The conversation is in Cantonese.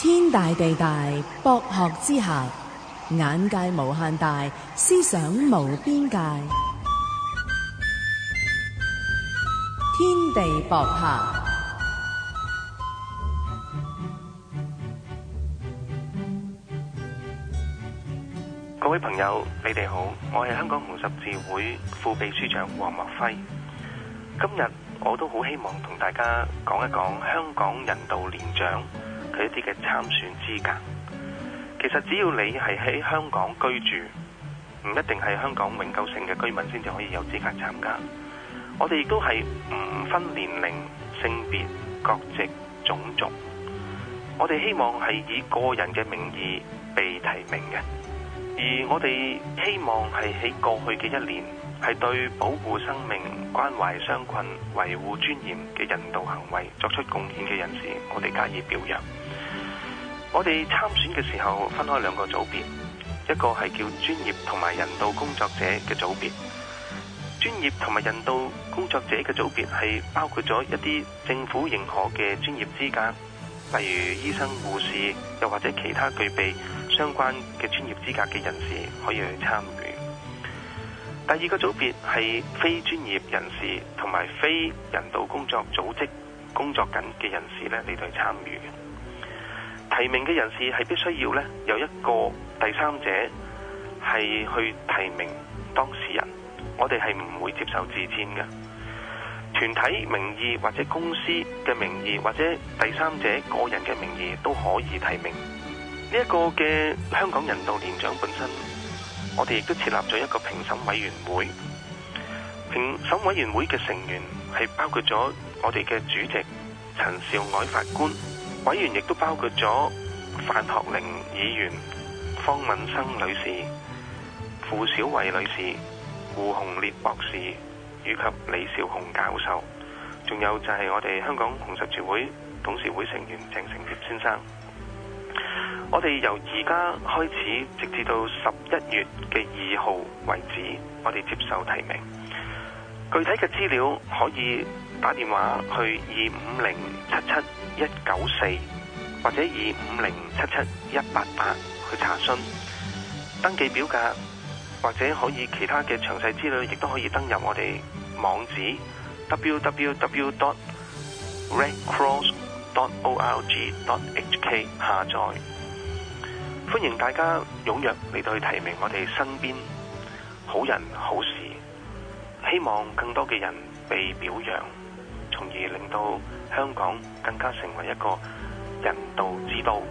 天大地大，博學之下，眼界無限大，思想無邊界。天地博客。各位朋友，你哋好，我係香港紅十字會副秘書長黃莫輝。今日，我都好希望同大家講一講香港人道年獎一啲嘅參選資格，其實只要你係喺香港居住，唔一定係香港永久性嘅居民先至可以有資格參加。我哋亦都係唔分年齡、性別、國籍、種族。我哋希望係以個人嘅名義被提名嘅，而我哋希望係喺過去嘅一年係對保護生命、關懷傷困、維護尊嚴嘅人道行為作出貢獻嘅人士，我哋加以表揚。我哋參選嘅時候分開兩個組別，一個係叫專業同埋人道工作者嘅組別，專業同埋人道工作者嘅組別係包括咗一啲政府認可嘅專業資格，例如醫生、護士，又或者其他具備相關嘅專業資格嘅人士可以去參與。第二個組別係非專業人士同埋非人道工作組織工作緊嘅人士呢，你都去參與。提名嘅人士係必須要咧有一個第三者係去提名當事人，我哋係唔會接受自薦嘅，團體名義或者公司嘅名義或者第三者個人嘅名義都可以提名。呢、這、一個嘅香港人道年獎本身，我哋亦都設立咗一個評審委員會，評審委員會嘅成員係包括咗我哋嘅主席陳兆愷法官。委員亦都包括咗范學齡議員、方敏生女士、傅小慧女士、胡鴻烈博士以及李少雄教授，仲有就係我哋香港紅十字會董事會成員鄭成傑先生。我哋由而家開始，直至到十一月嘅二號為止，我哋接受提名。具體嘅資料可以。打電話去二五零七七一九四，或者二五零七七一八八去查詢登記表格，或者可以其他嘅詳細資料，亦都可以登入我哋網址 w w w redcross dot org dot h k 下載。歡迎大家踊躍嚟到去提名我哋身邊好人好事，希望更多嘅人被表揚。從而令到香港更加成為一個人道之都。